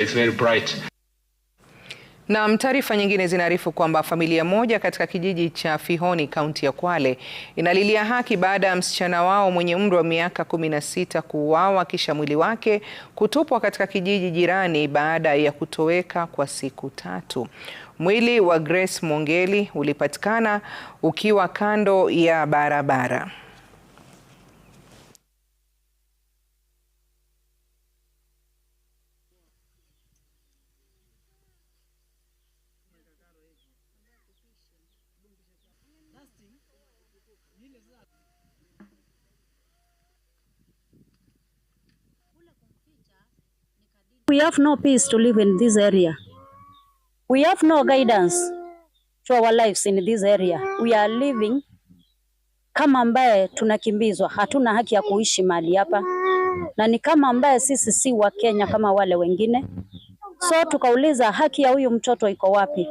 It's very bright. Naam, taarifa nyingine zinaarifu kwamba familia moja katika kijiji cha Fihoni kaunti ya Kwale inalilia haki baada ya msichana wao mwenye umri wa miaka 16 kuuawa kisha mwili wake kutupwa katika kijiji jirani baada ya kutoweka kwa siku tatu. Mwili wa Grace Mongeli ulipatikana ukiwa kando ya barabara. We have no peace to live in this area. We have no guidance to our lives in this area. We are living kama ambaye tunakimbizwa, hatuna haki ya kuishi mahali hapa, na ni kama ambaye sisi si wa Kenya kama wale wengine. So tukauliza haki ya huyu mtoto iko wapi?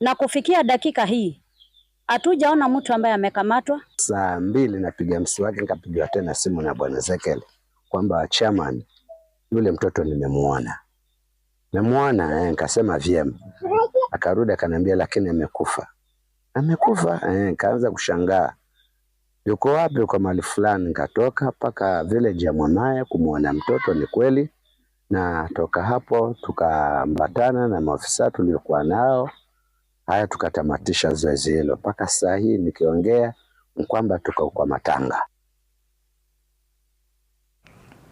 Na kufikia dakika hii hatujaona mtu ambaye amekamatwa. Saa mbili napiga mswaki, nikapigiwa tena simu na bwana Zekel kwamba chairman, yule mtoto nimemuona, nimemuona. Eh, nikasema vyema. Akarudi akaniambia, lakini amekufa. Amekufa? Eh, nikaanza kushangaa yuko wapi? kwa mali fulani. Nikatoka mpaka village ya Mwanaye kumwona mtoto, ni kweli. Na toka hapo tukaambatana na maofisa tuliokuwa nao Haya, tukatamatisha zoezi hilo. Mpaka saa hii nikiongea ni kwamba tuko kwa matanga.